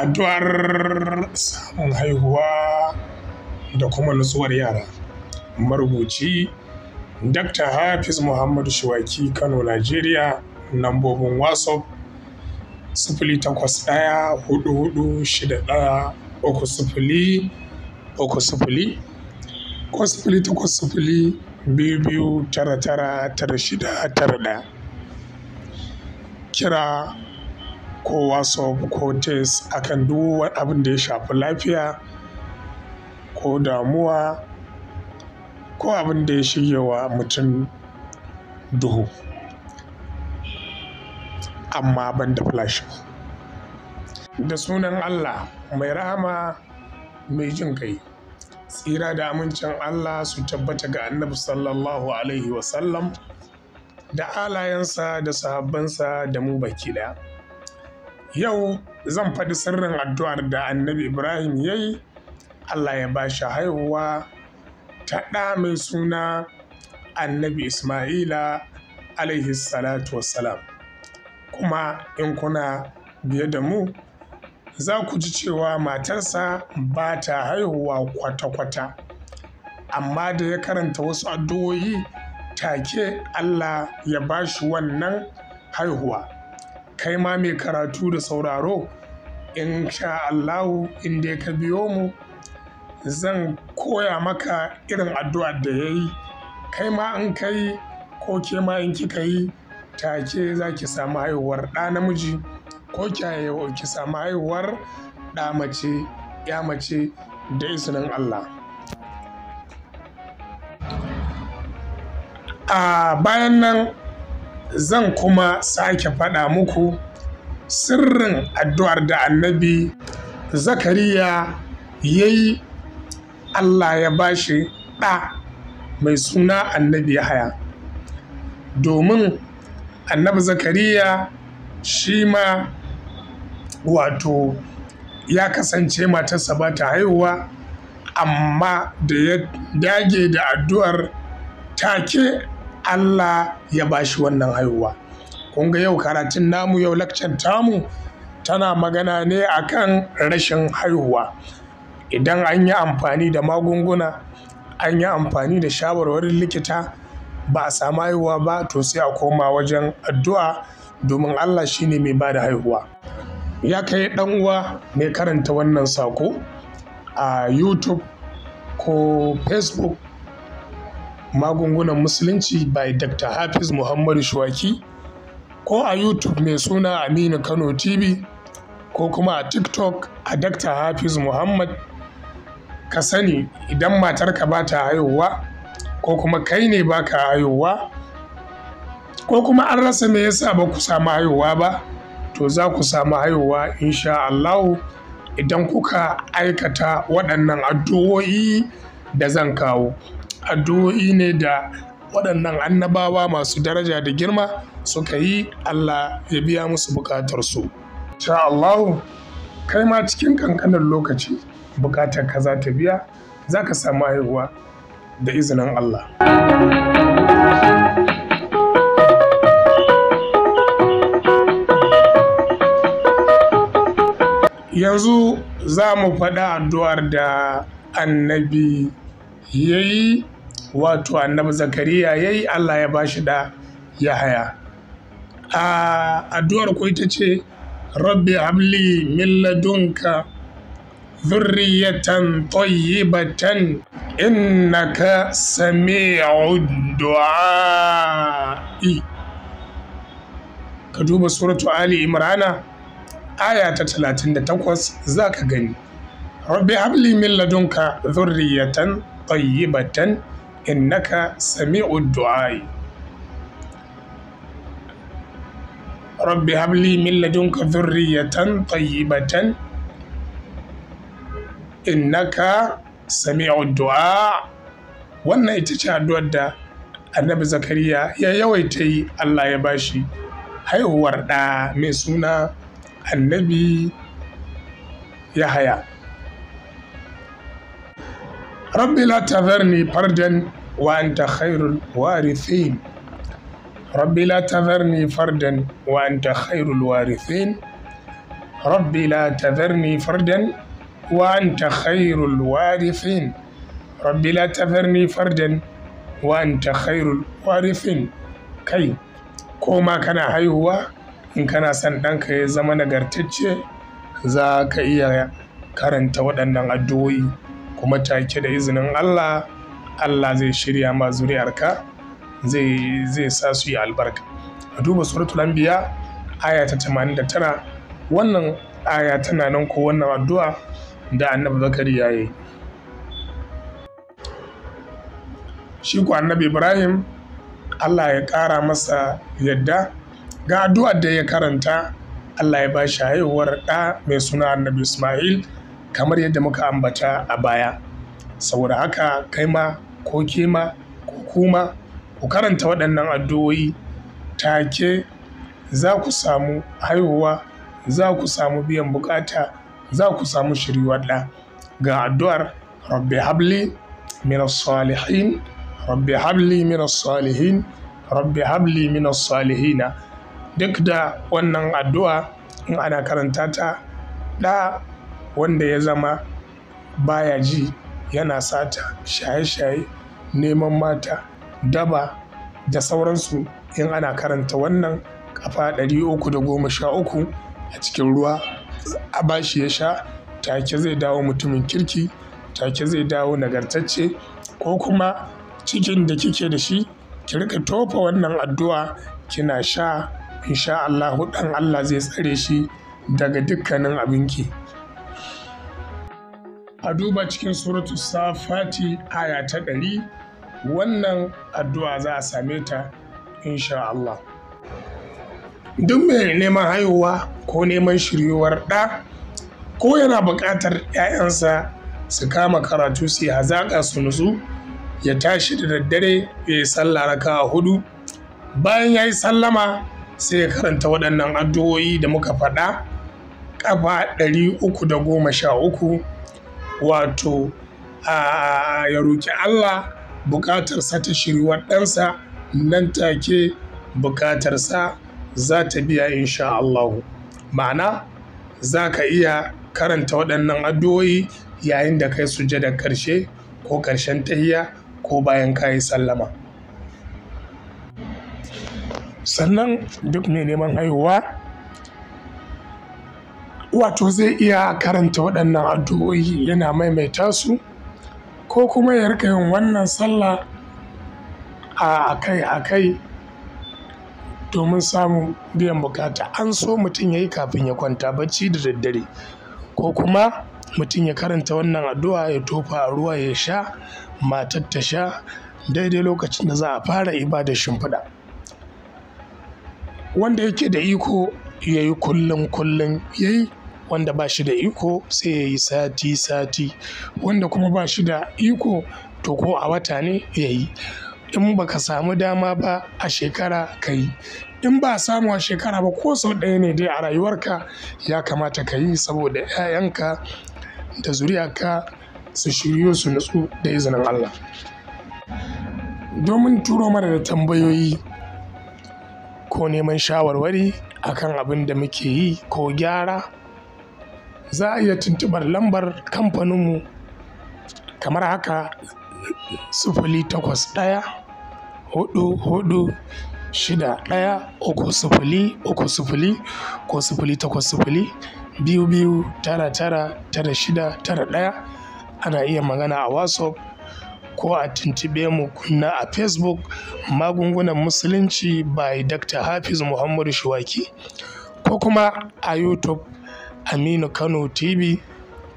Addu'ar samun haihuwa da kuma nutsuwar yara. Marubuci Dr. Hafiz Muhammad Shuwaki Kano, Najeriya. Lambobin WhatsApp sifili takwas ɗaya hudu hudu, shida ɗaya uku sifili uku sifili ko sifili takwas sifili biyu biyu tara tara tara shida tara ɗaya. Kira. ko WhatsApp ko text akan kan abin da ya shafi lafiya ko damuwa ko abin da ya shige wa mutum duhu. Amma ban da flash. Da sunan Allah mai rahama mai jin kai. Tsira da amincin Allah su tabbata ga Annabi Sallallahu Alaihi Wasallam da alayensa da sahabbansa da mu baki ɗaya. Yau zan faɗi sirrin addu'ar da Annabi Ibrahim ya yi, Allah ya ba shi haihuwa ta ɗa mai suna Annabi Ismaila alaihi salatu wassalam. Kuma in kuna biye da mu, za ku ji cewa matarsa ba ta haihuwa kwata-kwata, amma da ya karanta wasu addu'o'i take Allah ya ba shi wannan haihuwa. kai ma mai karatu da sauraro in sha Allahu in dai ka biyo mu zan koya maka irin addu'a da ya yi kai ma in ka yi ko ke ma in kika yi take za ki samu haihuwar ɗa namiji ko ki samu haihuwar ɗa mace ya mace da izinin Allah. A bayan nan zan kuma sake faɗa muku sirrin addu'ar da annabi zakariya ya yi allah ya ba shi ɗa mai suna annabi haya domin annabi zakariya shi ma wato ya kasance matarsa ba ta haihuwa amma da ya dage da addu'ar take Allah ya bashi wannan haihuwa kun ga yau karatun namu yau lakcin tamu tana magana ne akan rashin haihuwa idan an yi amfani da magunguna an yi amfani da shawarwarin likita ba a samu haihuwa ba to sai a koma wajen addu'a domin Allah shi ne mai ba da haihuwa ya kai ɗan uwa mai karanta wannan sako a YouTube ko Facebook magungunan musulunci by Dr. Hafiz Muhammadu Shuwaki ko a YouTube mai suna Aminu Kano TV ko kuma a TikTok a Dr. Hafiz Muhammad. Ka sani idan matarka ba ta haihuwa ko kuma kai ne ba ka haihuwa ko kuma an rasa me yasa ba ku samu haihuwa ba to za ku samu haihuwa insha Allahu idan kuka aikata waɗannan addu'o'i da zan kawo. addu'o'i ne da waɗannan annabawa masu daraja da girma suka yi Allah ya biya musu bukatarsu. Sha Allahu, kai ma cikin kankanin lokaci bukatar ka za ta biya za ka samu haihuwa da izinin Allah. Yanzu za mu faɗa addu'ar da annabi ya yi wato annabi zakariya ya yi allah ya bashi da ya haya. a addu'ar ku ita ce rabbi hamli min zurriyatan tayyibatan innaka sami'ud du'a'i ka duba suratu ali imrana aya ta 38 ka gani rabbi habli min ladunka zurriyatan tayyibatan innaka sami'ud du'ai rabbi habli min ladunka dhurriyatan tayyibatan innaka sami'ud du'a wannan ita ce addu'ar da annabi zakariya ya yawaita yi Allah ya bashi haihuwar ɗa mai suna annabi yahaya rabbi la tazarni fardan wa anta khairul warithin rabbi la tazarni kai ko kana haihuwa in kana son ɗanka ya zama nagartacce za ka iya karanta waɗannan addu'o'i kuma take da izinin Allah Allah zai shirya ma zuriyarka zai zai sa su yi albarka a duba suratul anbiya aya ta 89 wannan aya tana nan ko wannan addu'a da annabi zakari yayi yi shi ko annabi ibrahim allah ya kara masa yadda ga addu'ar da ya karanta allah ya ba shi haihuwar 'da mai suna annabi ismail kamar yadda muka ambata a baya saboda haka kai ma ko ke ma ko kuma ku karanta waɗannan addu'o'i take za ku samu haihuwa za ku samu biyan buƙata za ku samu shiryuwar ɗa ga addu'ar rabbi habli minas salihin rabbi habli minas salihin rabbi habli minas salihina duk da wannan addu'a in ana karanta ta ɗa wanda ya zama baya ji yana sata, shaye-shaye, neman mata, daba da sauransu in ana karanta wannan kafa 313 a cikin ruwa a bashi ya sha take zai dawo mutumin kirki, take zai dawo nagartacce ko kuma cikin da kike da shi ki rika tofa wannan addu'a kina sha in sha Allahu Allah zai tsare shi daga dukkanin abinki. a duba cikin suratu safati aya ta ɗari wannan addu'a za a same ta insha Allah. Duk mai neman haihuwa ko neman shiryuwar ɗa ko yana buƙatar ‘ya'yansa su kama karatu su hazaƙa su nutsu ya tashi da daddare ya yi sallah raka hudu bayan ya yi sallama sai ya karanta waɗannan addu'o'i da muka faɗa ƙafa ɗari uku da goma sha uku wato ya roƙi Allah buƙatarsa ta shiri waɗansa, nan take buƙatarsa za ta biya insha Allahu ma'ana za ka iya karanta waɗannan addu'o'i yayin da kai da ƙarshe ko ƙarshen tahiya ko bayan kayi sallama sannan duk mai neman haihuwa wato zai iya karanta waɗannan addu'o'i yana maimaita su ko kuma ya rika yin wannan sallah a akai akai domin samun biyan bukata an so mutum ya yi kafin ya kwanta bacci da daddare ko kuma mutum ya karanta wannan addu'a ya tofa a ruwa ya sha matar ta sha daidai lokacin da za a fara ibada shimfiɗa wanda yake da iko ya yi kullum kullum ya yi wanda ba shi da iko sai ya yi sati sati wanda kuma ba shi da iko to ko a wata ne ya yi in ba ka samu dama ba a shekara ka yi in ba samu a shekara ba ko sau ɗaya ne dai a rayuwarka ya kamata ka yi saboda 'ya'yanka da zuriyarka su shiryo su nutsu da izinin Allah domin turo mara da tambayoyi ko neman shawarwari akan abin da muke yi ko gyara za a iya tuntuɓar lambar kamfaninmu kamar haka sufuli takwas ɗaya hudu hudu shida ɗaya uku sufuli uku sufuli ko sufuli takwas sufuli biyu biyu tara tara tara shida tara ɗaya ana iya magana a whatsapp ko a tuntube mu kunna a facebook magungunan musulunci by dr hafiz muhammadu shuwaki ko kuma a youtube Aminu Kano TV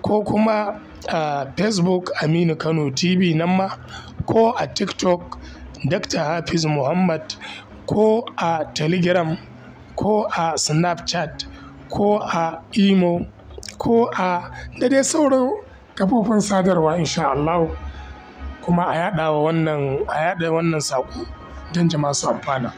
ko kuma a Facebook Aminu Kano TV nan ma ko a TikTok Dr. Hafiz Muhammad ko a Telegram ko a Snapchat ko a Imo ko a da dai sauran kafofin sadarwa insha Allah kuma a yada wannan a yada wannan sako don jama'a su amfana.